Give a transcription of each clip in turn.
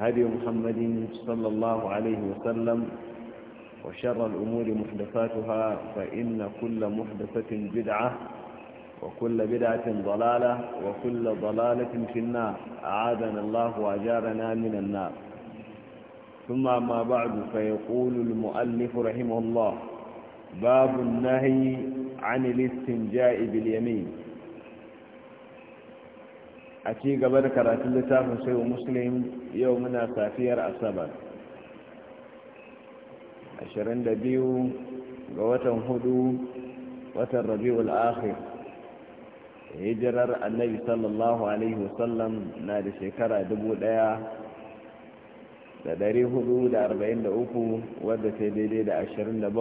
هدي محمد صلى الله عليه وسلم وشر الأمور محدثاتها فإن كل محدثة بدعة وكل بدعة ضلالة وكل ضلالة في النار أعاذنا الله وأجارنا من النار ثم ما بعد فيقول المؤلف رحمه الله باب النهي عن الاستنجاء باليمين a ci gaba da karatun littafin sai wa muslim yau muna safiyar asabar 22 ga watan hudu watan rabi'ul akhir hijirar annabi sallallahu alaihi wasallam na da shekara 1443 wadda ta daidai da 27 ga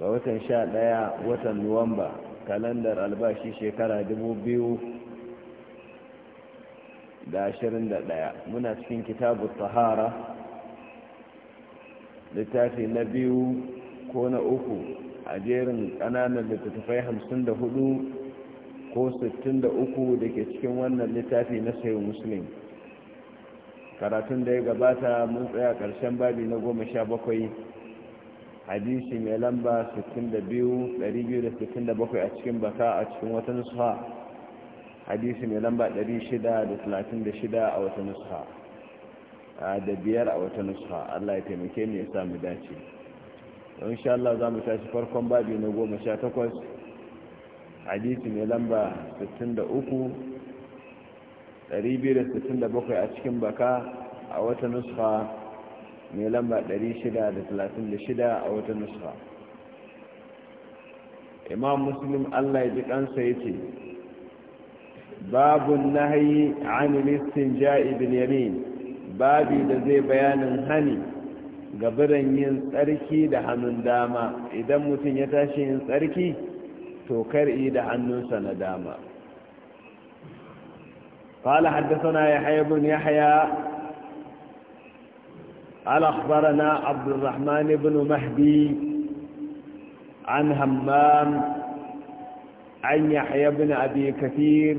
watan 11 watan nuwamba kalandar albashi shekara 2000 da ashirin da ɗaya muna cikin kitabu tahara littafi na biyu ko na uku a jerin ƙananan littattafai hamsin da hudu ko sittin da uku da ke cikin wannan littafi na sayo musulun karatun da ya gabata mun tsaya ƙarshen babi na goma sha bakwai hadisi mai lamba da bakwai a cikin baka a cikin wata nusuwa hadisi mai lamba 636 a wata nusha da biyar a wata nusha Allah ya taimake mu ya samu dace don Allah za mu tashi farkon babi na goma sha takwas hadisi mai lamba 63 267 a cikin baka a wata nusha mai lamba 636 a wata nusha imam muslim Allah ya ji kansa ya ce babu nahayi an listinja'i bil yamin babi da zai bayanin hani ga biran yin tsarki da hannun dama idan mutum ya tashi yin tsarki to kar'i da hannunsa na dama قال حدثنا يحيى بن يحيى قال أخبرنا عبد الرحمن بن مهدي عن همام عن يحيى بن أبي كثير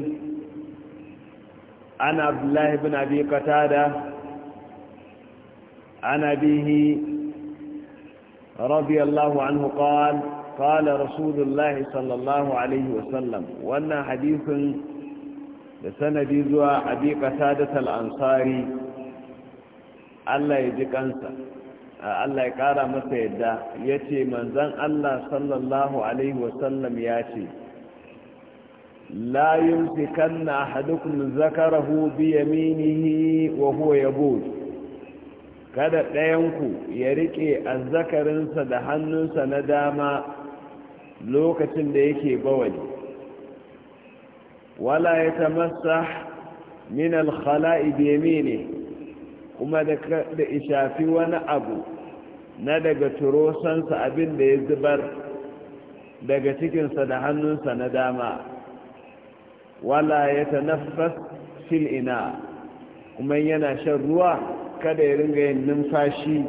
عن عبد الله بن أبي قتادة عن أبيه رضي الله عنه قال قال رسول الله صلى الله عليه وسلم وأن حديث لسندي زوى أبي قتادة الأنصاري الله يجيك أنسى الله يقارى متى يدى يتي منزان الله صلى الله عليه وسلم ياتي لا يمسكن أحدكم ذكره بيمينه وهو يبول kada ɗayanku ya riƙe azzakarinsa da hannunsa na dama lokacin da yake bawali wala ya tamassa min alkhala'i yamini kuma da ishafi wani abu na daga turosansa abin da ya zubar daga cikinsa da hannunsa na dama wala ya tanaffas fil ina kuma yana shan ruwa kada ya ringa yin numfashi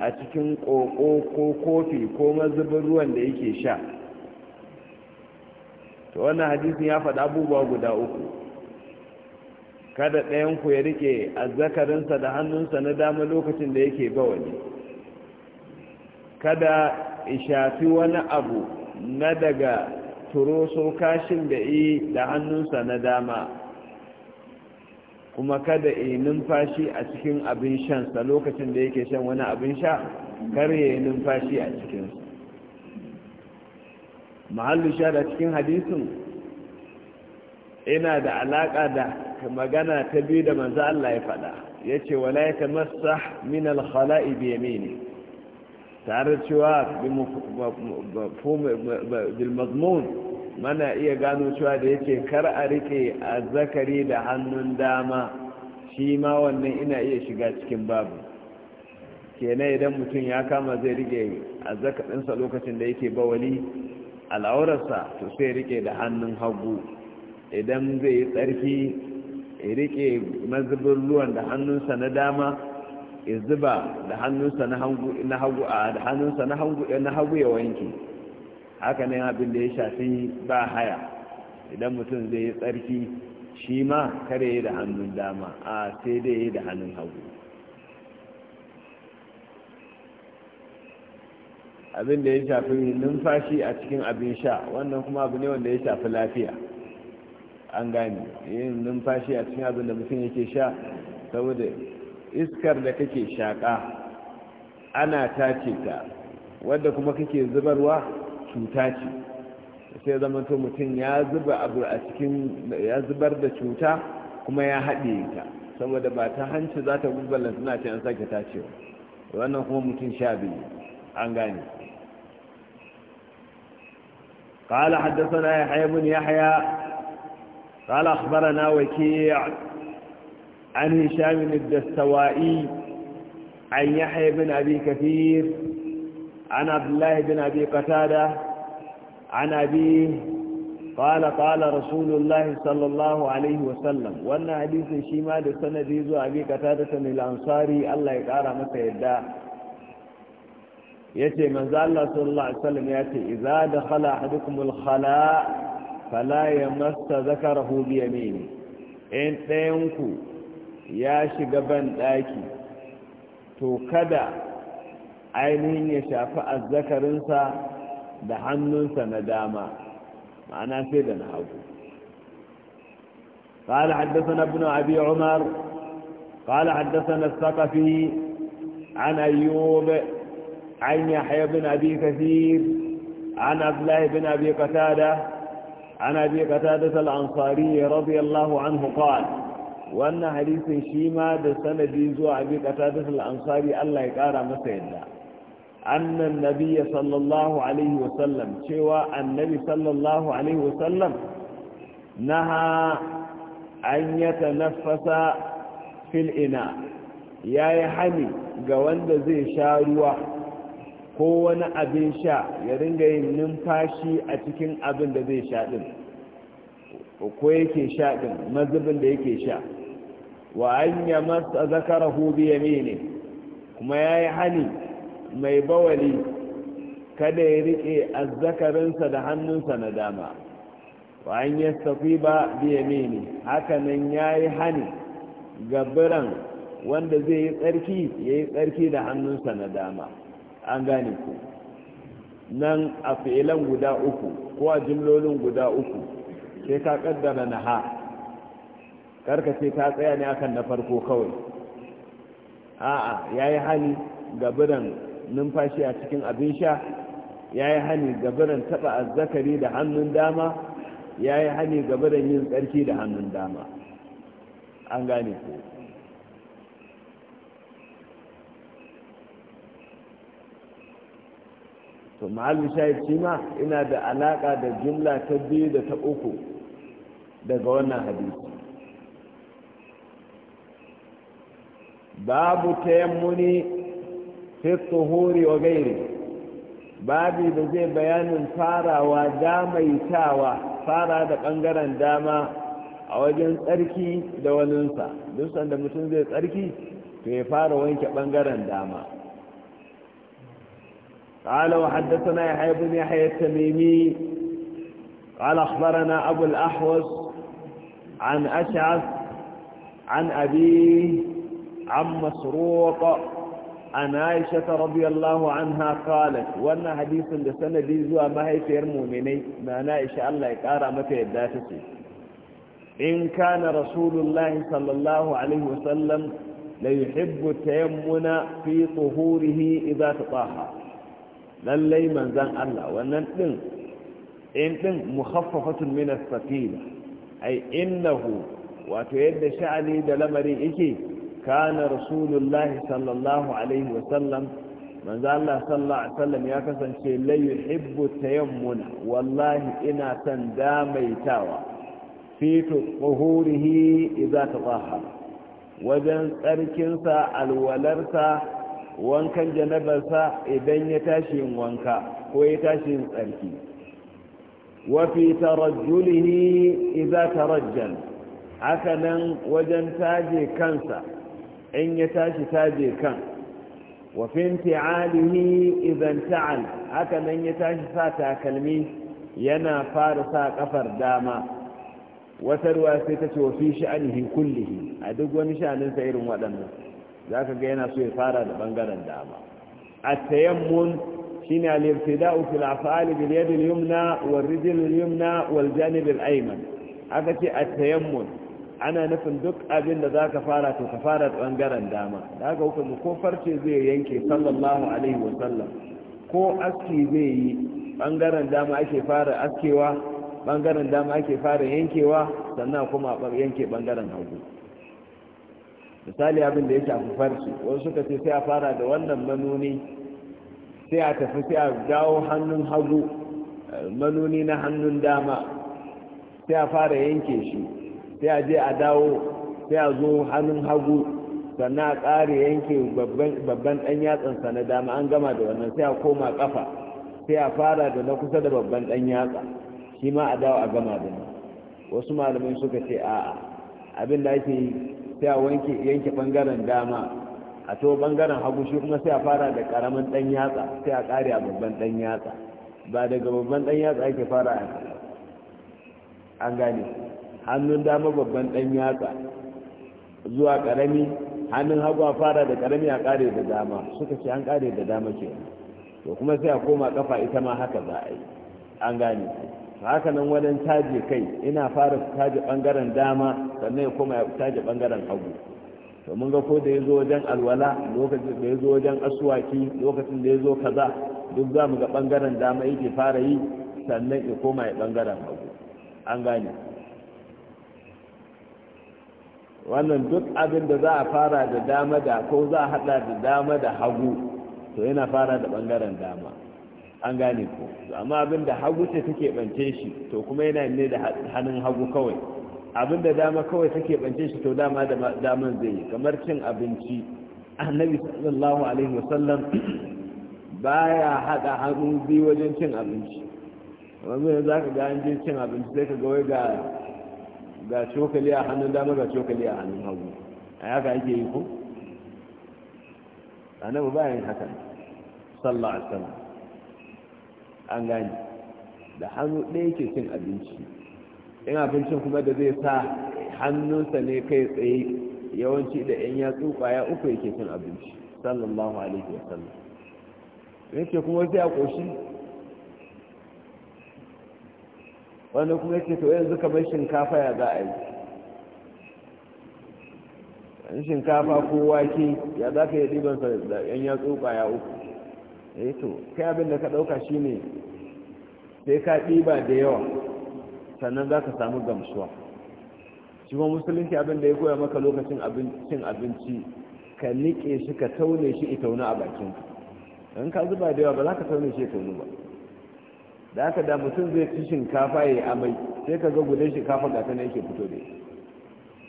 a cikin ƙoƙo ko kofi ko mazubin ruwan da yake sha to wannan hadisin ya faɗa abubuwa guda uku kada ɗayan ku ya rike azzakarinsa da hannunsa na dama lokacin da yake bawani kada shafi wani abu na daga turoso kashin da yi da hannunsa na dama kuma kada yi numfashi a cikin abin shansa lokacin da yake shan wani abin sha kar ya yi numfashi a cikinsu. mahallin sha da cikin hadisin ina da alaƙa da magana ta biyu da manzo Allah ya faɗa ya ce wala ya tamassa min alkhala'i bi yamini tare cewa bil mazmun mana iya gano cewa da yake kar a rike a zakari da hannun dama shi ma wannan ina iya shiga cikin babu kenan idan mutum ya kama zai rike a zakarinsa lokacin da yake bawali al'aurarsa to sai rike da hannun hagu idan zai yi tsarki rike mazubin ruwan da hannunsa na dama ya zuba da hannunsa na hagu ya wanke haka ne abin da ya shafi ba haya idan mutum zai yi tsarki shi ma kare yi da hannun dama a sai dai yi da hannun hagu abin da ya shafi numfashi a cikin abin sha wannan kuma abu ne wanda ya shafi lafiya an gane yin numfashi a cikin abin da mutum yake sha saboda iskar da kake shaƙa ana tace ta wadda kuma kake zubarwa cuta ce sai zama to mutum ya zuba abu a cikin ya zubar da cuta kuma ya haɗe ta saboda ba ta hanci za ta gubbalan suna ce an sake tacewa wannan kuma mutum sha biyu an gane قال حدثنا يحيى بن يحيى قال أخبرنا وكيع عن هشام الدستوائي عن يحيى بن أبي كثير عن عبد الله بن أبي قتادة عن أبيه قال قال رسول الله صلى الله عليه وسلم وأن حديث شيما لسنة ديزو أبي قتادة الأنصاري الله يقارى متى يداه yace manzo Allah sallallahu alaihi wasallam yace idza dakhala ahadukumul khala fala yamassa zakarahu bi yamini in dayanku ya shiga ban to kada ainihin ya shafi azzakarinsa da hannunsa na dama ma'ana sai da na hagu قال حدثنا ابن أبي عمر قال حدثنا الثقفي عن أيوب عن يحيى بن أبي كثير عن عبد الله بن أبي قتادة عن أبي قتادة الأنصاري رضي الله عنه قال وأن حديث شيما دسند يزوى أبي قتادة الأنصاري الله يقارى مسيدا annan nabiya sallallahu alaihi wasallam cewa annabi sallallahu alaihi wasallam naha an yata nafasa fil ina ya yi hani ga wanda zai sha ruwa ko wani abin sha ya ringa yin numfashi a cikin abin da zai sha din ko yake sha din mazubin da yake sha wa an yi masa zakara hobi ne? kuma ya yi hani mai bawali kada ya riƙe azzakarinsa da hannunsa na dama wa an yi safi ba mini hakanan ya yi hani gabiran wanda zai yi tsarki ya yi tsarki da hannunsa na dama an gane ku nan a fi'ilan guda uku ko a jimlolin guda uku sai ka kaddara na ha Karka sai ta tsaya ne akan na farko kawai a'a ya yi hali gabiran numfashi a cikin abin sha ya yi hani gabaran taɓa azzakari da hannun dama ya yi hani gabaran yin tsarki da hannun dama an gane ku. to ma'alin shahid ma ina da alaƙa da jumla ta biyu da ta uku daga wannan hadisi babu tayammuni في الطهور وغيره بعد ذلك بيان فارا وداما يتاوى فارا دقنقرا داما أوجن تركي دوالنسا دوسا دمتنزل دو تركي في فارا وينك بنقرا داما قال وحدثنا يحيى بن يحيى التميمي قال أخبرنا أبو الأحوص عن أشعث عن أبيه عن مسروق an aisha ta radiyallahu anha qalat wannan hadisin da sanadi zuwa mahaifiyar mu'minai na aisha Allah ya kara mata yadda ta ce in kana rasulullahi sallallahu alaihi wasallam la yuhibbu tayammuna fi tuhurihi ta tsaha? lallai manzan Allah wannan din in din mukhaffafatun min as-saqila innahu wato yadda sha'ani da lamarin yake kana rasulullahi sallallahu alaihi wasallam manzo Allah sallallahu alaihi wasallam ya kasance la yuhibbu tayammuna wallahi ina san damaitawa fi tuhurihi idza tatahhara wajen tsarkinsa alwalarsa wankan janabarsa idan ya tashi yin wanka ko ya tashi yin tsarki wafi tarajjulihi idza tarajjal haka nan wajen taje kansa in ya tashi taje kan wa fi inti'alihi idan ta'al haka nan ya tashi sa takalmi yana fara sa kafar dama wata ruwa sai ta ce wa fi sha'anihi kullihi a duk wani sha'aninsa irin waɗannan za ka ga yana so ya fara da ɓangaren dama a tayammun shi ne alibtida'u fil af'ali bil yadda yumna wal rijl yumna wal janib al-ayman aka ce at-tayammun ana nufin duk abin da za ka fara to ka fara bangaren dama da haka hukunmu ko farce zai yanke sallallahu alaihi wasallam ko aski zai yi ɓangaren dama ake fara askewa ɓangaren dama ake fara yankewa sannan kuma a yanke ɓangaren hagu misali abin da ya shafi farce wasu suka ce sai a fara da wannan manuni sai a tafi sai a dawo hannun hagu eh, manuni na hannun dama sai a fara yanke shi sai a je a dawo sai a zo hannun hagu sannan a ƙari yanke babban ɗan yatsansa na dama an gama da wannan sai a koma ƙafa sai a fara da na kusa da babban ɗan yatsa shi ma a dawo a gama da nan wasu malamai suka ce a'a abin da ake sai a wanke yanke ɓangaren dama a to ɓangaren hagu shi kuma sai a fara da ƙaramin ɗan yatsa sai a ƙari a babban ɗan yatsa ba daga babban ɗan yatsa ake fara a an gane hannun dama babban ɗan yatsa zuwa ƙarami hannun hagu a fara da ƙarami a ƙare da dama suka ce an ƙare da dama ke to kuma sai a koma ƙafa ita ma haka za a yi an gane haka nan wajen taje kai ina fara taje ɓangaren dama sannan ya koma ya taje ɓangaren hagu to mun ga ko da ya zo wajen alwala lokacin da ya zo wajen asuwaki lokacin da ya zo kaza duk za mu ga ɓangaren dama yake fara yi sannan ya koma ya ɓangaren hagu an gane wannan duk abin da za a fara da dama da ko za a hada da dama da hagu to yana fara da bangaren dama an gane ko amma abin da hagu ce take bance shi to kuma yana ne da hannun hagu kawai abin da dama kawai take bance shi to dama da daman zai yi kamar cin abinci annabi sallallahu alaihi wasallam baya hada hannu biyu wajen cin abinci wani zaka ga an je cin abinci sai ka ga wai ga ga cokali a hannun dama ga cokali a hannun hagu a yaka ake yi ko annabi bayan haka sallah a sama an gani da hannu ɗaya ke cin abinci in abincin kuma da zai sa hannunsa ne kai tsaye yawanci da yan yatsu kwaya uku yake cin abinci sallallahu alaihi wasallam yake kuma sai a ƙoshi wani kuma yake to yanzu kamar shinkafa ya za a yi shinkafa ko wake ya za ka yi ribansa da yan yatsu ya uku eh to kai abin da ka ɗauka shi ne sai ka ɗiba da yawa sannan za ka samu gamsuwa shi ma musulunci abin da ya koya maka lokacin cin abinci ka niƙe shi ka taune shi itauna a bakinka in ka zuba da yawa ba za ka taune shi wani ba da aka da mutum zai ci shinkafa ya yi amai sai ka ga gudan shinkafa ga tana yake fito da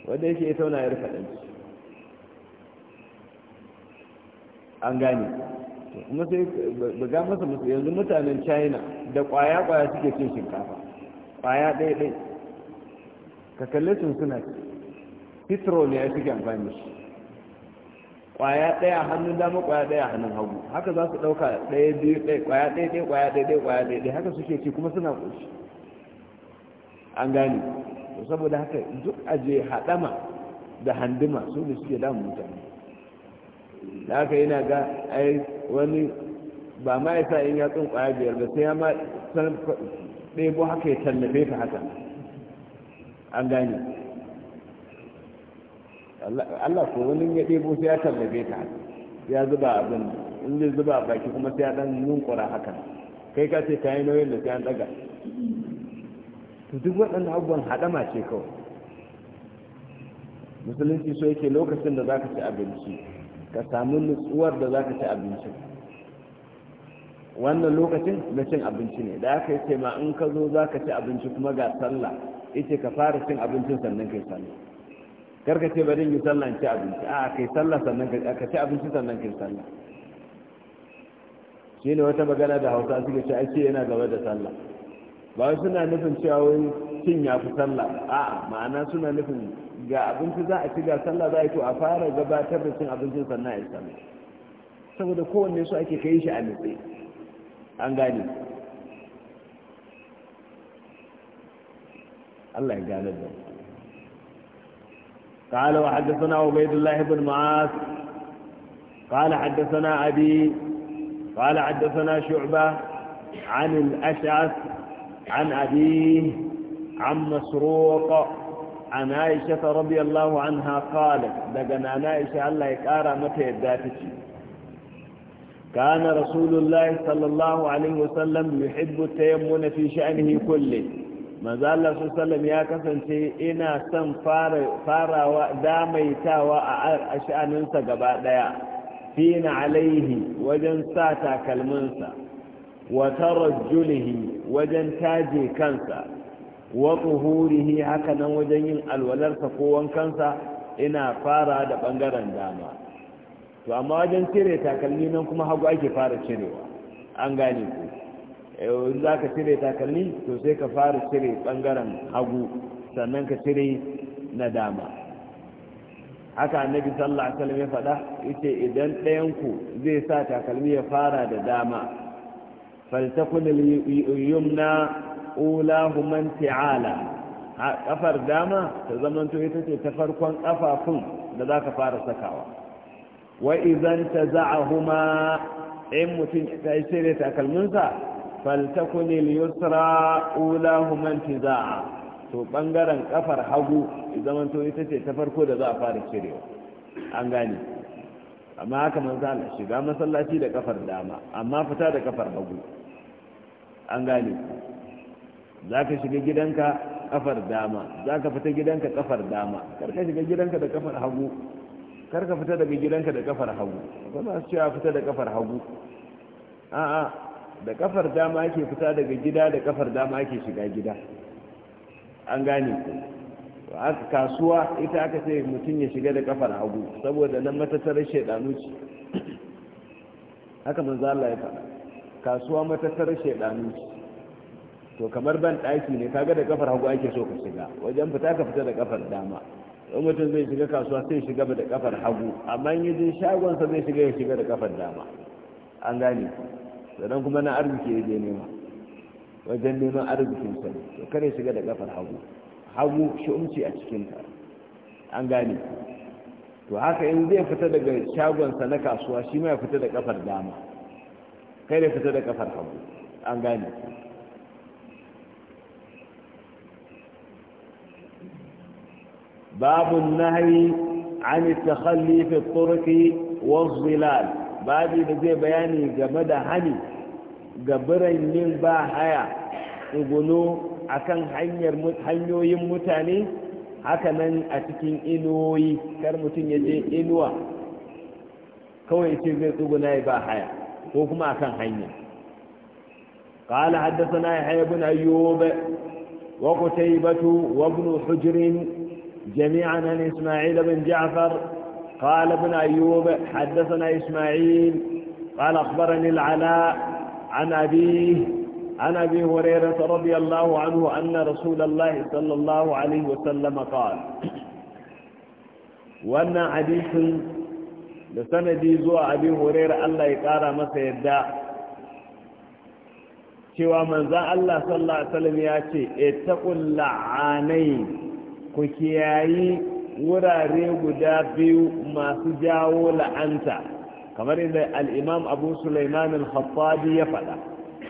wanda yake ya tauna rufa kaɗan an gane kuma sai buga masa musu yanzu mutanen china da kwaya-kwaya suke cin shinkafa kwaya ɗaya ɗaya ka kalle sun suna fitro ne ya suke amfani shi kwaya ɗaya hannun dama kwaya ɗaya hannun hagu haka za su ɗauka ɗaya biyu ɗaya kwaya ɗaya ɗaya kwaya ɗaya ɗaya kwaya ɗaya haka suke ci kuma suna ƙoshi an gane to saboda haka duk aje haɗama da handuma su ne suke damun mutane da haka yana ga ai wani ba ma ya sa in ya tsun kwaya biyar ba sai ya ma san ɗebo haka ya tallafe ka haka an gane Allah ko wani ya ɗebo sai ya tallabe ta ya zuba abin in zai zuba a baki kuma sai ya ɗan yunkura haka kai ka ce ka yi nauyin da sai an ɗaga to duk waɗannan abubuwan haɗama ce kawai musulunci so yake lokacin da za ka ci abinci ka samu nutsuwar da za ka ci abinci. wannan lokacin na cin abinci ne da aka yi ce ma in ka zo za ka ci abinci kuma ga sallah ita ka fara cin abincin sannan kai sallah karka ce bari yi sallah ci abinci a kai sallah sannan ka ci abinci sannan kai sallah shi ne wata magana da hausa suka ce ake yana gaba da sallah ba wai suna nufin cewa wai cin ya fi sallah a ma'ana suna nufin ga abinci za a ci ga sallah za a yi to a fara gabatar da cin abincin sannan a yi sallah saboda kowanne su ake kai shi a nutse an gane Allah ya gane da mu قال وحدثنا عبيد الله بن معاذ قال حدثنا أبي قال حدثنا شعبة عن الأشعث عن أبيه عن مسروق عن عائشة رضي الله عنها قالت دقنا عائشة الله يكارى متى يداتك كان رسول الله صلى الله عليه وسلم يحب التيمون في شأنه كله manzo Allah ya kasance ina son farawa damaitawa a sha'aninsa gaba daya fina alaihi wajen sa takalminsa wa tarajjulihi wajen taje kansa wa hakanan haka wajen yin alwalarsa ko wankansa ina fara da bangaren dama to amma wajen cire takalmi kuma hagu ake fara cirewa an gane ku in za ka cire takalmi to sai ka fara cire ɓangaren hagu sannan ka cire na dama haka annabi sallallahu alaihi wasallam ya faɗa yace idan ɗayanku zai sa takalmi ya fara da dama faltakun yumna ulahu man ta'ala kafar dama ta zamanto ita ce ta farkon kafafun da za ka fara sakawa wa idan ta za'ahuma in mutum ya cire takalminsa فلتكن اليسرى أولاهما انتزاعا to bangaren kafar hagu zaman to ita ce ta farko da za a fara cirewa an gane amma haka man sa shiga masallaci da kafar dama amma fita da kafar hagu an gane za ka shiga gidanka kafar dama za ka fita gidanka kafar dama Karka shiga gidanka da kafar hagu Karka fita daga gidanka da kafar hagu ba za su cewa fita da kafar hagu a'a da kafar dama ake fita daga gida da kafar dama ake shiga gida an gane ku a kasuwa ita aka ce mutum ya shiga da kafar hagu saboda nan matattarar shaidanu ce haka manzo Allah ya faɗa kasuwa matattarar shaidanu ce to kamar ban ɗaki ne kaga da kafar hagu ake so ka shiga wajen fita ka fita da kafar dama in mutum zai shiga kasuwa sai shiga da kafar hagu amma in yi shagonsa zai shiga ya shiga da kafar dama an gane ku sannan kuma na arziki ya je nema wajen neman arzikin sa to kare shiga da kafar hagu hagu shi'umci a cikin ta an gane to haka in zai fita daga shagonsa na kasuwa shi ma ya fita da kafar dama kai da fita da kafar hagu an gane babun nahi an التخلي في الطرق والظلال babi da zai bayani game da hani ga biran yin ba haya tsuguno a kan hanyoyin mutane hakanan a cikin inuwoyi kar mutum ya je inuwa kawai ce zai tsuguna ya ba haya ko kuma a kan hanya قال حدثنا يحيى بن أيوب وقتيبة وابن حجر جميعا عن إسماعيل بن جعفر قال ابن أيوب حدثنا إسماعيل قال أخبرني العلاء عن أبيه عن أبي هريرة رضي الله عنه أن رسول الله صلى الله عليه وسلم قال وأن حديث لسندي زوى أبي هريرة الله يقارى ما سيداه cewa manzan Allah sallallahu Alaihi wasallam ya ce, "Ita ƙulla ku kiyayi wurare guda biyu masu jawo la'anta kamar inda al'imam abu sulaiman al-khattabi ya faɗa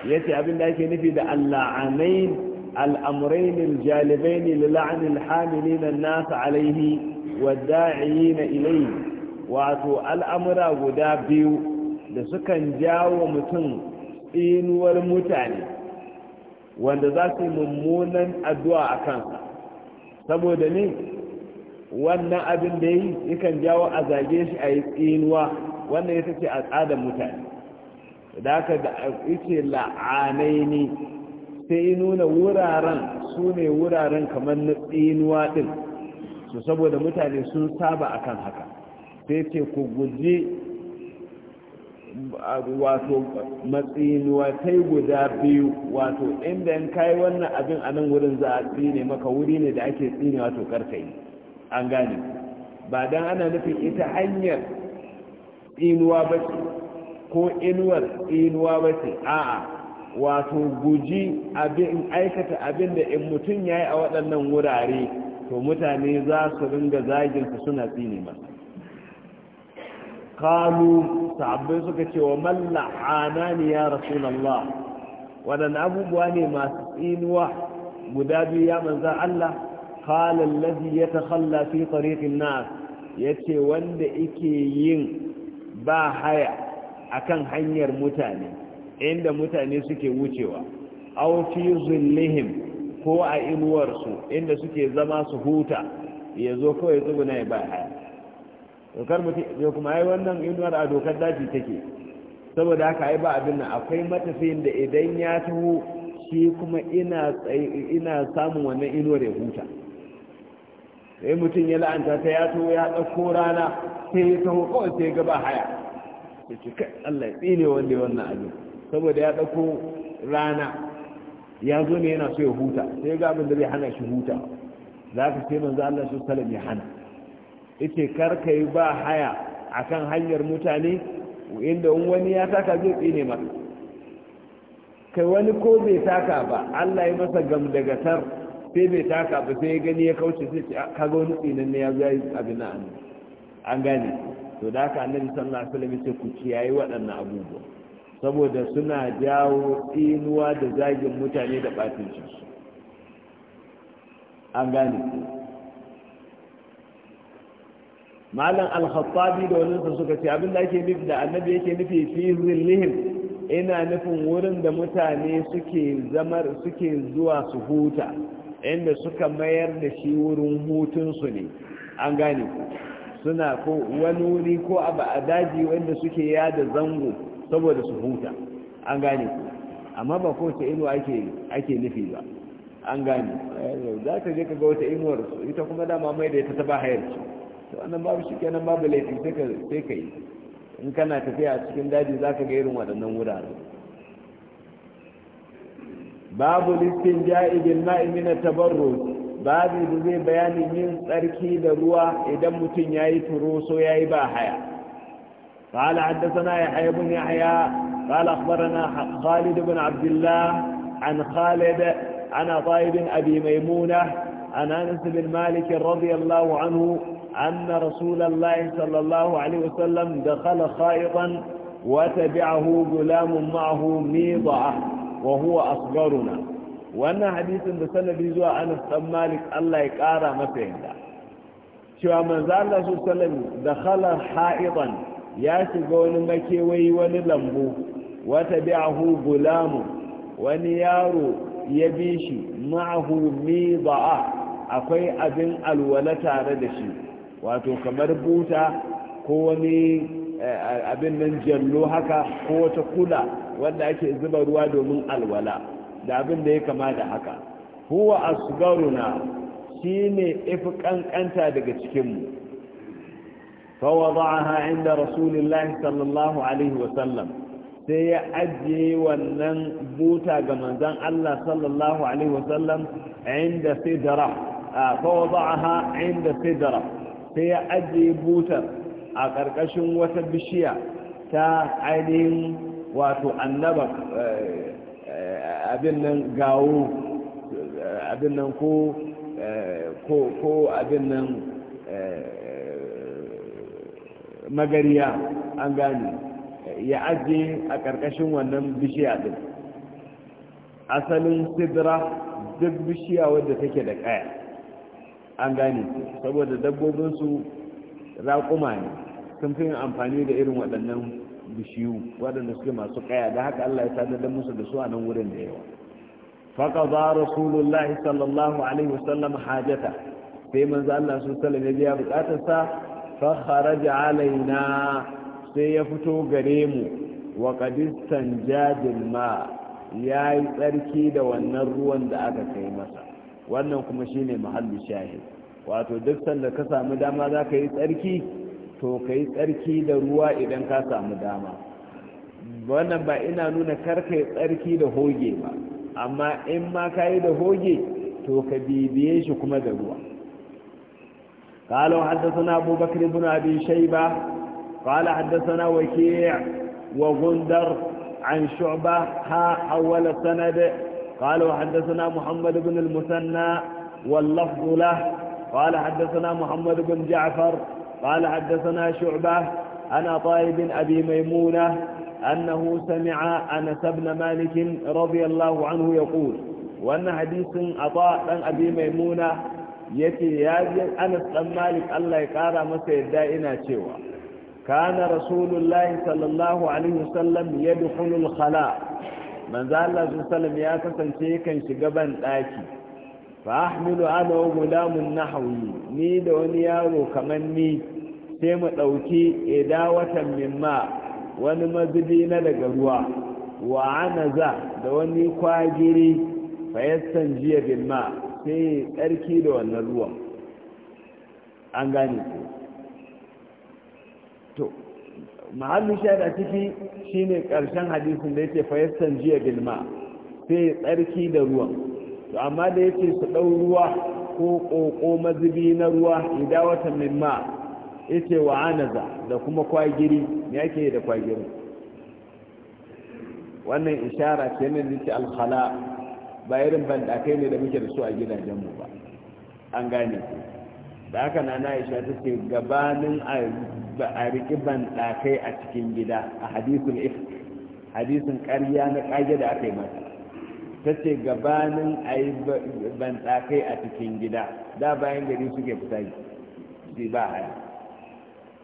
ya ce abin da ake nufi da alla'anai al'amurain jalibai ne lila'anin hamilin nasa alaihi wa da'iyi na ilai wato al'amura guda biyu da sukan jawo mutum tsinuwar mutane wanda za su yi mummunan addu'a a kansa saboda ne wannan abin da yi yakan jawo a zage shi a yi tsinuwa wannan ya a tsada mutane da aka da ake la'anai ne sai nuna wuraren su ne wuraren kamar na tsinuwa din su saboda mutane sun saba akan haka sai ce ku guji wato sai guda biyu wato inda yin kayi wannan abin a nan wurin za a tsine maka wuri ne da ake tsine wato karkai an gane ba dan ana nufin ita hanyar inuwa ba ce ko inuwar inuwa ba ce a'a wato guji abin aikata abin da in mutum ya yi a waɗannan wurare to mutane za su ringa zaginsu suna tsini masa kalu sabbin suka ce wa malla anani ya rasulallah waɗanne abubuwa ne masu tsinuwa guda biyu ya manzan Allah qala allazi yatakhalla fi tariqin nas yace wanda yake yin ba haya akan hanyar mutane inda mutane suke wucewa aw fi zillihim ko a inuwar su inda suke zama su huta yazo kawai tsuguna ya ba haya dokar mutum kuma ai wannan inuwar a dokar daji take saboda haka ai ba abin nan akwai matafiyin da idan ya taho shi kuma ina samun wannan inuwar ya huta sai mutum ya la'anta ta ya to ya ɗauko rana sai ya taho kawai sai gaba haya ya ce kai allah tsine wanda ya wannan abin saboda ya ɗauko rana ya zo ne yana so ya huta sai ga abin da zai hana shi huta za ka ce manzo allah shi salam ya hana ita kar ka yi ba haya akan hanyar mutane inda wani ya taka zai tsine maka kai wani ko bai taka ba allah ya masa gamdagatar sai bai taka ba sai ya gani ya kauce sai ce ah, kaga wani tsinan ne ya zo yi abin nan an gane to da haka annabi sallallahu alaihi wasallam ya ce ku kiyaye waɗannan abubuwa saboda suna jawo tsinuwa da zagin mutane da ɓatin su an gane malam al-khattabi da wani suka ce abin da ake nufi da annabi yake nufi fi zillihim ina nufin wurin da mutane suke zamar suke zuwa su huta inda suka mayar da shi wurin hutunsu ne an gane suna ko wani wuri ko abu a daji wanda suke yada zango saboda su huta an gane amma ba kowace inuwa ake nufi ba an gane eh, za ka je ka ga wata inuwar su ita kuma dama mai da ita ta ba hayar ce to wannan babu shi kenan babu laifi sai ka yi in kana tafiya cikin daji za ka ga irin waɗannan wurare babu listin ja'ibin ma'imina tabarro babu da zai bayanin yin tsarki da ruwa idan mutum ya yi turoso ya yi ba haya قال حدثنا يحيى بن يحيى قال أخبرنا خالد بن عبد الله عن خالد عن عطاء بن أبي ميمونة عن أنس بن مالك رضي الله عنه أن رسول الله صلى الله عليه وسلم دخل خائطا وتبعه غلام معه ميضعه wa huwa asgaruna wannan hadisin da sanadi zuwa anas dan malik Allah ya kara masa yanda cewa manzo Allah su da dakhala ha'idan ya shiga wani makewayi wani lambu wata bi'ahu gulam wani yaro ya bi shi ma'ahu mida'a akwai abin alwala tare da shi wato kamar buta ko wani eh, abin nan jallo haka ko wata kula wanda ake zuba ruwa domin alwala da abin da ya kama da haka huwa asgaruna shine ifi kankanta daga cikinmu fawada'aha inda rasulillahi sallallahu alaihi wasallam sai ya ajiye wannan buta ga manzan Allah sallallahu alaihi wasallam inda sidra fawada'aha inda sidra sai ya ajiye butar a ƙarƙashin wata bishiya ta ainihin wato annaba eh, abin nan gawo abin nan ko eh, abin nan eh, magariya an gane ya ajiye a ƙarƙashin wannan bishiya ɗin asalin sidra duk bishiya wadda take da ƙaya an gane saboda dabbobinsu raƙuma ne sun fi amfani da irin waɗannan bishiyu waɗanda suke masu kaya da haka Allah ya sadar da musu da su a nan wurin da yawa faqada rasulullahi sallallahu alaihi wasallam hajata sai manzo Allah su sallam ya bukata sa fa kharaja alaina sai ya fito gare mu wa qad istanjadil ma yayi tsarki da wannan ruwan da aka kai masa wannan kuma shine mahallu shahid wato duk sanda ka samu dama za ka yi tsarki to ka yi tsarki da ruwa idan ka samu dama wannan ba ina nuna karka yi tsarki da hoge ba amma in ma ka yi da hoge to ka bibiye shi kuma da ruwa قال حدثنا أبو بكر بن أبي شيبة قال حدثنا وكيع وغندر عن شعبة ها أول سند قال وحدثنا محمد بن المثنى واللفظ له قال حدثنا محمد بن جعفر قال حدثنا شعبة أنا طائب أبي ميمونة أنه سمع أنس بن مالك رضي الله عنه يقول وأن حديث أطاء بن أبي ميمونة يتي ياجي أنس بن مالك الله يقارى مسيد دائنا شوى كان رسول الله صلى الله عليه وسلم يدخل الخلاء من ذا الله صلى الله عليه وسلم يا كسن شيكا شقبا آكي fa ahmilu ana wa gulamun nahwi ni da wani yaro kamar ni sai mu dauki watan mimma wani mazubi na daga ruwa wa anaza da wani kwagiri fa jiya bilma sai tsarki da wannan ruwa an gane to mahallin shaida ciki shine karshen hadisin da yake fayastan jiya bilma sai tsarki da ruwan to amma da yace su dau ruwa ko koko mazubi na ruwa idawatan min ma yace wa anaza da kuma kwagiri me yake da kwagiri wannan ishara ce ne da ce alkhala ba irin kai ne da muke da su a gidajenmu ba an gane da haka na na isha ta ce gabanin a riƙi kai a cikin gida a hadisun if hadisun ƙarya na ƙage da aka yi mata ta ce gabanin a yi banɗakai a cikin gida da bayan gari suke fita yi ba haya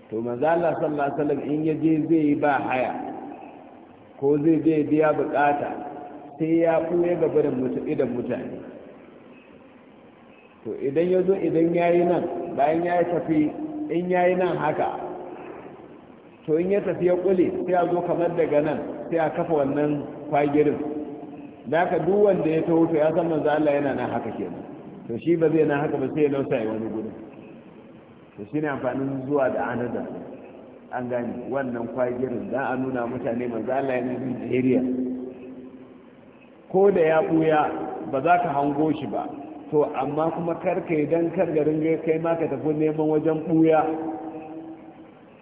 to manzala sallallahu alaihi in ya je zai yi ba haya ko zai je biya bukata sai ya ya gaba da mutane to idan ya zo idan ya yi nan bayan ya yi tafi in ya yi nan haka to in ya tafi ya kule sai a zo kamar daga nan sai a kafa wannan kwagirin da ka duk wanda ya ta to ya san manzo Allah yana nan haka kenan to shi ba zai nan haka ba sai ya lausa ya wani gudu to shi ne amfanin zuwa da anada an gane wannan kwagirin da a nuna mutane manzo Allah yana nan area ko da ya buya ba za ka hango shi ba to amma kuma karka idan kargarin ga kai ma ka tafi neman wajen buya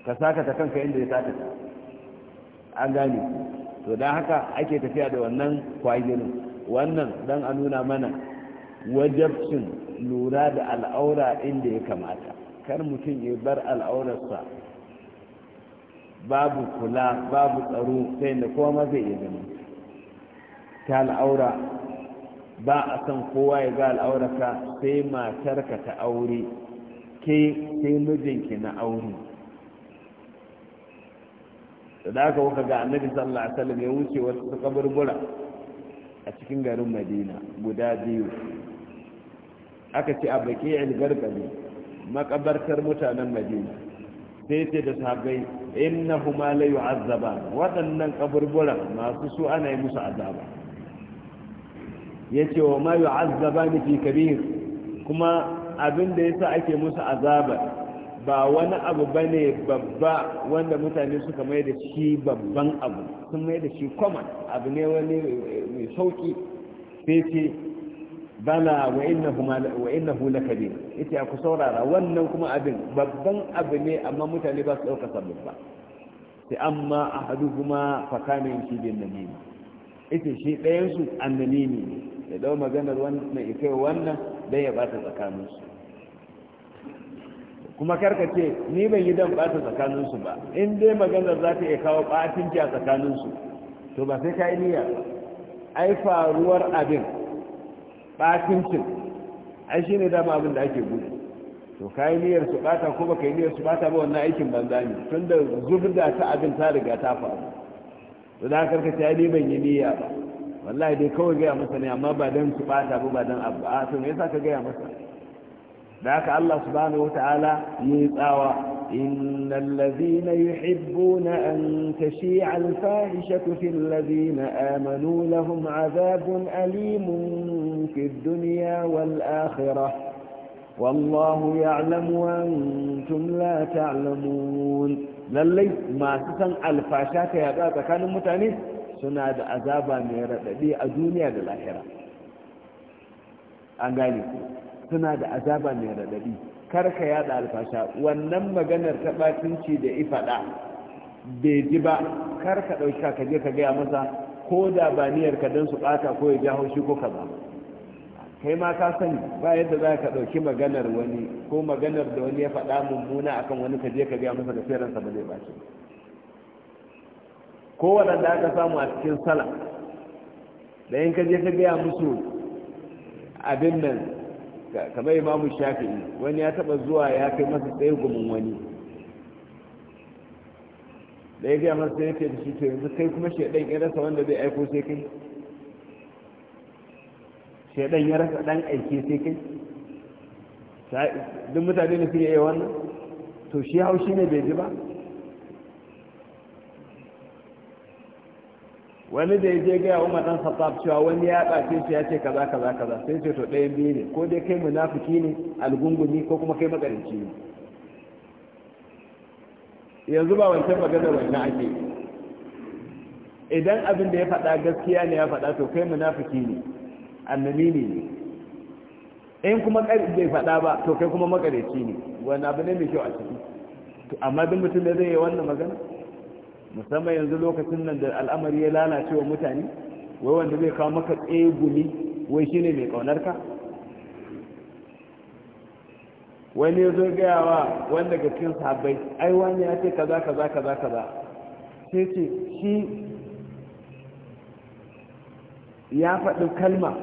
ka saka ta kanka inda ya saka ta an gane to da haka ake tafiya da wannan kwaginin wannan dan a nuna mana wajabcin lura da al'aura inda ya kamata kar mutum ya bar al'aurarsa babu kula babu tsaro sai da ma zai iya gani ta al'aura ba a san kowa ya ga al'aurarka sai matarka ta aure ke sai mijinki na aure da aka kuka ga annabi sallallahu alaihi wasallam ya wuce wasu kaburbura a cikin garin madina guda biyu aka ce a baki'il gargabi makabartar mutanen madina sai ce da sahabbai innahuma la yu'azzaba waɗannan kaburbura masu su ana yi musu azaba yace wa ma yu'azzaba ni fi kabir kuma abin da yasa ake musu azaba ba wani abu ba ne babba wanda mutane suka mai da shi babban abu sun mai da shi common abu ne wani mai eh, sauki sai ce bala wa ka ne ita ku saurara wannan kuma abin babban abu ne amma mutane ba su ɗauka sabbin ba sai amma a hadu kuma fakamin shi bin namimi ita shi ɗayansu annanimi ne ya dau maganar wannan ya kai wannan don ya ta tsakaninsu kuma karka ce ni ban yi dan bata tsakaninsu ba in dai maganar za ta iya kawo batinci a tsakaninsu to ba sai ka yi niyya ai faruwar abin batincin ai shine da ma abin da ake gudu to ka yi niyyar su bata ko ka yi niyyar su bata ba wannan aikin banza ne tun da zubda ta abin ta riga ta faru to da karka ce ai ni ban yi niyya ba wallahi dai kawai gaya masa ne amma ba dan su bata ba ba dan abu a to me yasa ka gaya masa ذاك الله سبحانه وتعالى يقوى إن الذين يحبون أن تشيع الفاحشة في الذين آمنوا لهم عذاب أليم في الدنيا والآخرة والله يعلم وأنتم لا تعلمون للي ما تسن الفاشات يا بابا كانوا متانين سنة عذابا يردد الدنيا للآخرة أنقالي suna da azaba mai raɗaɗi karka ka yada alfasha wannan maganar ta da ifaɗa bai ji ba karka ka ɗauki ka je ka gaya masa ko da ba niyyar ka don su ɓata ko ya ja haushi ko ka ba kai ma ka sani ba yadda za ka ɗauki maganar wani ko maganar da wani ya faɗa mummuna akan wani ka je ka gaya masa da firansa ba zai bace ko waɗanda aka samu a cikin sala da in ka je ka gaya musu abin nan kamar imamu shafi'i wani ya taba zuwa ya kai masa tsaye gumin wani da ya gaya masa yake da shi to yanzu kai kuma shaidan ya rasa wanda zai aiko sai kai shaidan ya rasa dan aiki sai kai duk mutane ne suke yi wannan to shi haushi ne bai ji ba wani da ya je gaya umar dan khattab cewa wani ya ɓace shi ya ce kaza kaza kaza sai ce to ɗaya biyu ne ko dai kai munafiki ne algunguni ko kuma kai makarinci ne yanzu ba wancan magana wannan ake idan abin da ya faɗa gaskiya ne ya faɗa to kai munafiki ne annabi ne in kuma bai faɗa ba to kai kuma makareci ne wani abu ne mai kyau a ciki amma duk mutum da zai yi wannan magana musamman yanzu lokacin nan da al'amari ya lalace wa mutane wai wanda zai kawo maka tsaye gumi wai shine mai kaunar ka wani ya zo gaya wa wanda ga cikin sahabbai ai wani ya ce kaza kaza kaza kaza sai ce shi ya faɗi kalma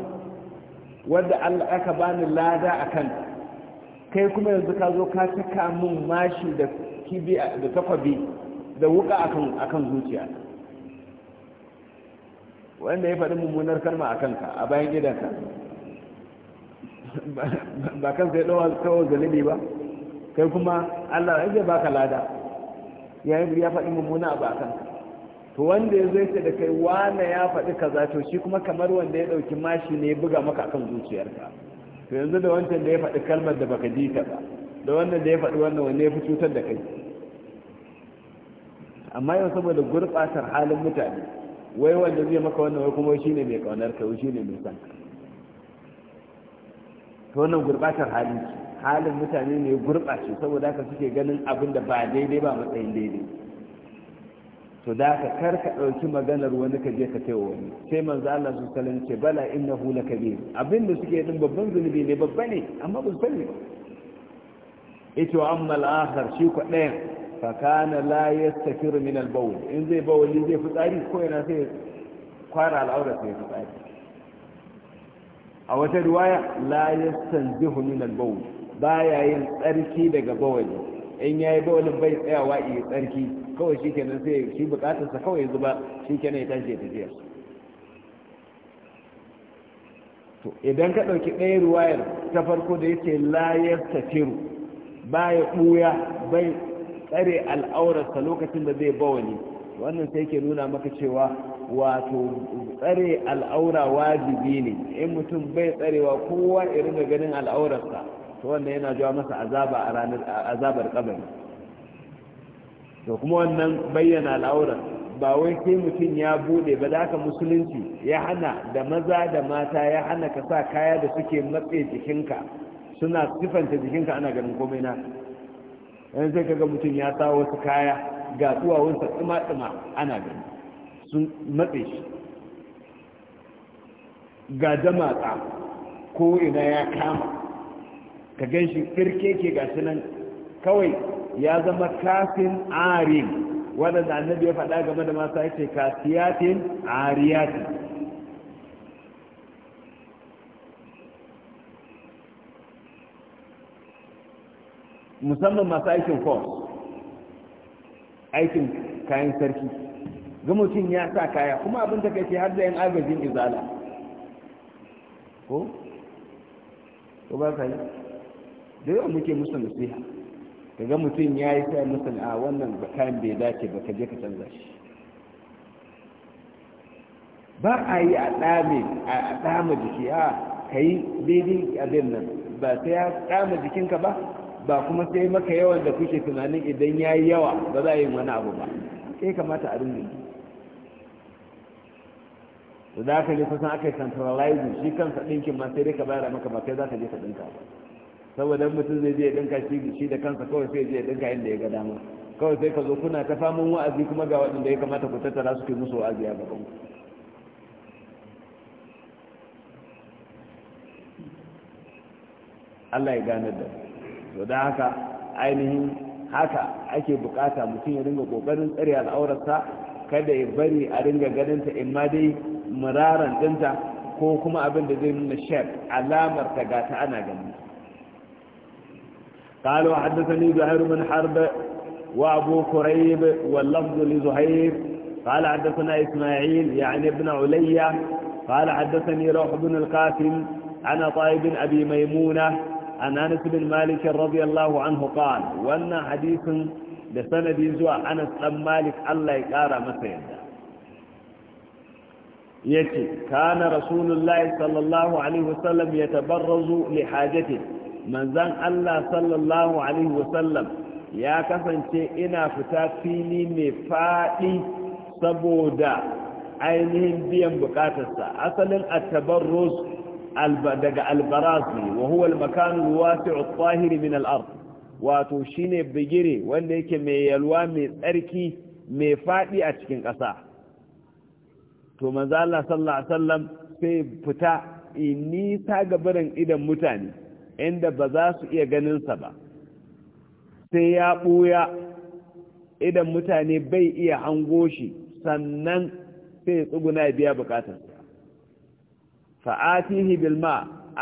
wadda Allah aka bani lada a kan kai kuma yanzu ka zo ka cika min mashi da kibi da takwabi da wuka akan zuciya wanda ya faɗi mummunar kalma a kanka a bayan gidanka ba kan sai ɗawa kawo zalibi ba kai kuma allah ya zai baka lada ya yi ya faɗi mummuna ba a kanka to wanda ya zai ce da kai wane ya faɗi kaza to shi kuma kamar wanda ya ɗauki mashi ne buga maka akan zuciyarka to yanzu da wancan da ya faɗi kalmar da baka ji ta ba da wannan da ya faɗi wannan wanne ya fi cutar da kai amma yau saboda gurbatar halin mutane wai wanda zai maka wannan wai kuma ne mai kaunar ka ne mai san to wannan gurbatar halin halin mutane ne gurbace saboda haka suke ganin abin da ba daidai ba matsayin daidai to da ka kar ka ɗauki maganar wani ka je ka taiwa wani sai manzo Allah su sallam ce bala innahu lakabir abin da suke din babban zunubi ne babba ne amma ba su sani ba ita wa amma al akhir shi ko ɗayan fakana la yastakiru min al in zai bawali zai fitsari ko yana sai kwara al'aura sai fitsari a wata riwaya la yastanzihu min al-bawl baya yin tsarki daga bawali in ya yayi bawalin bai tsayawa yi tsarki kawai shikenan sai shi bukatarsa kawai zuba shikenan ya tashi ya tafiya to idan ka ɗauki ɗaya ruwayar ta farko da yake layar tafiru ba ya ɓuya bai tsare al'aurarsa lokacin da zai bawani wannan sai ke nuna maka cewa wato tsare al'aura wajibi ne in mutum bai tsarewa kowa irin da ganin al'aurarsa to wannan yana jawa masa azaba a ranar azabar kabari to kuma wannan bayyana al'aura ba wai sai mutum ya bude ba da musulunci ya hana da maza da mata ya hana ka sa kaya da suke matse jikinka suna sifanta jikinka ana ganin komai na yanzu zai kaga mutum ya sa wasu kaya ga tsuwawunsa tsima-tsima ana gani sun matse shi ga damatsa ko ina ya kama ka gan shi ke ga shi nan kawai ya zama kafin arin wadanda annabi ya faɗa game da masu ake kasiyatin ariyatin musamman masu aikin force aikin kayan sarki ga mutum ya sa kaya kuma abin da kai har da yan agajin izala ko ko ba ka yi da yawan muke musu nasiha ka ga mutum ya yi sai musu a wannan kayan bai dace ba ka je ka canza shi ba a yi a ɗame a ɗama jiki a ka yi daidai abin nan ba sai ya dama jikinka ba ba kuma sai maka yawan da kuke tunanin idan ya yi yawa ba za a yi wani abu ba sai kamata a yi. da za ka je san aka yi centralizing shi kansa ɗinkin ma sai dai ka bayar maka ba kai za ka je ka ɗinka ba saboda mutum zai je ya ɗinka shi da kansa kawai sai je ya ɗinka inda ya ga dama kawai sai ka zo kuna ta famun wa'azi kuma ga waɗanda ya kamata ku tattara su ke musu wa'azi a gaban ku Allah ya gane da su to da haka ainihin haka ake bukata mutum ya ringa kokarin tsare al'aurarsa kada ya bari a ringa ganin ta in ma dai muraran dinta ko kuma abin da zai nuna shar alamar ta ga ta ana gani قالوا حدثني زهير بن حرب وابو كريب واللفظ لزهير قال حدثنا إسماعيل يعني ابن عليا قال حدثني روح بن القاسم عن طائب أبي ميمونة عن أنس بن مالك رضي الله عنه قال وأن حديث لسند زوى أنس بن مالك الله يقارى مثلا يتي كان رسول الله صلى الله عليه وسلم يتبرز لحاجته من زن الله صلى الله عليه وسلم ya kasance ina fita fili mai faɗi saboda ainihin biyan bukatarsa asalin atabarros daga albarazi wa huwa al-makanul wasi'u min al-ard wato shine bigire wanda yake mai yalwa mai tsarki mai faɗi a cikin ƙasa to manzo sallallahu alaihi sai fita inisa ga barin idan mutane inda ba za su iya ganinsa ba sai ya buya idan mutane bai iya hango shi sannan sai tsuguna biya bukatarsa fa'atihi bilma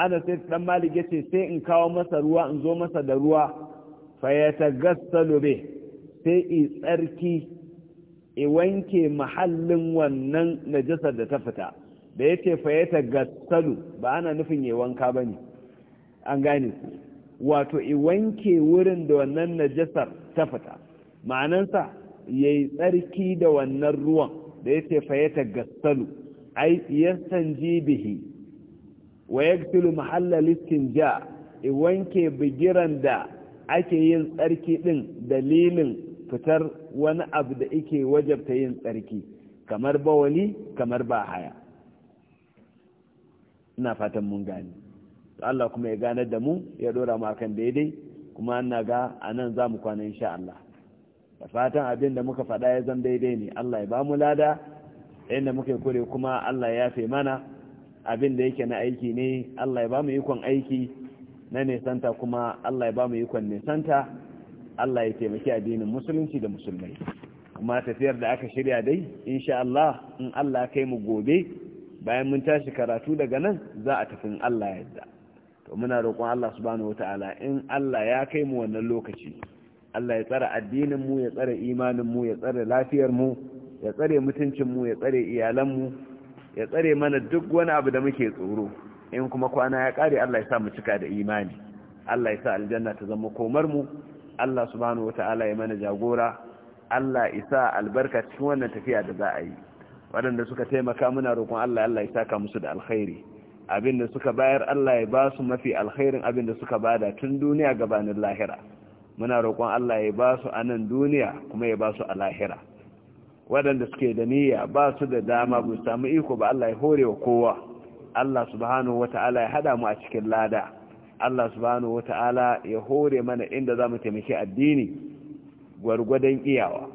ana sai dan malik yace sai in kawo masa ruwa in zo masa da ruwa fa yatagassalu bih sai i tsarki i wanke mahallin wannan najasar da ta fita da yace fa yatagassalu ba ana nufin yi wanka bane an gane ku wato i wanke wurin da wannan najasar ta fita ma'anansa yayi tsarki da wannan ruwan da yace fa yatagassalu ai yastanji bihi wa yaktulu mahalla listinja i wanke bigiran da ake yin tsarki din dalilin fitar wani abu da ike wajabta yin tsarki kamar bawali kamar ba haya ina fatan mun gani Allah kuma ya ganar da mu ya dora mu akan daidai kuma na ga anan za mu kwana insha Allah da fatan abin da muka faɗa ya zan daidai ne Allah ya ba mu lada inda muke kure kuma Allah ya yafe mana abin da yake na aiki ne Allah ya ba mu ikon aiki na nisanta kuma Allah ya ba mu ikon nisanta Allah ya taimaki addinin musulunci da musulmai Kuma tafiyar da aka shirya dai insha Allah in Allah kai mu gobe bayan mun tashi karatu daga nan za a tafi in Allah yarda to muna roƙon Allah subhanahu wataala in Allah ya kai mu wannan lokaci Allah ya tsara addinin mu ya tsara imanin mu ya tsara lafiyar mu ya tsare mutuncinmu ya tsare iyalanmu ya tsare mana duk wani abu da muke tsoro in kuma kwana ya kare Allah ya sa mu cika da imani Allah ya sa aljanna ta zama komar mu Allah subhanahu wataala ya mana jagora Allah ya sa albarka cikin wannan tafiya da za a yi waɗanda suka taimaka muna roƙon Allah Allah ya saka musu da alkhairi abinda suka bayar Allah ya ba su mafi alkhairin abinda suka bada tun duniya gabanin lahira muna roƙon Allah ya ba su a nan duniya kuma ya ba su a lahira waɗanda suke da niyya ba su da dama bu samu iko ba Allah ya hore wa kowa Allah subhanahu wata'ala ya hada mu a cikin lada Allah subhanahu wata'ala ya hore mana inda za mu taimaki addini gwargwadon iyawa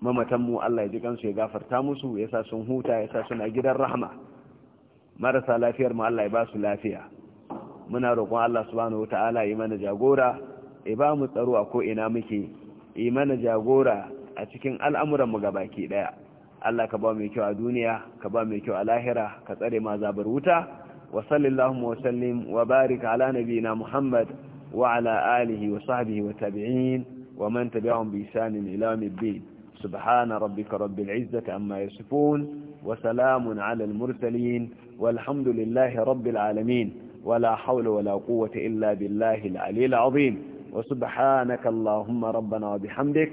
mamatanmu Allah ya ji kansu ya gafarta musu ya sa sun huta ya sa suna gidan rahama marasa lafiyar mu Allah ya ba su lafiya muna roƙon Allah subhanahu wata'ala ya mana jagora ya ba mu tsaro a ko ina muke yi mana jagora a cikin al'amuranmu ga baki ɗaya Allah ka ba mai kyau a duniya ka ba mai kyau a lahira ka tsare ma zabar wuta wa sallallahu wa sallim wa barik ala nabiyina muhammad wa ala alihi wa sahbihi wa tabi'in wa man tabi'ahum bi ihsanin ila yawmiddin subhana rabbika rabbil izzati amma yasifun wa salamun ala al mursalin walhamdulillahi rabbil alamin ولا حول ولا قوة إلا بالله wa العظيم وسبحانك اللهم ربنا وبحمدك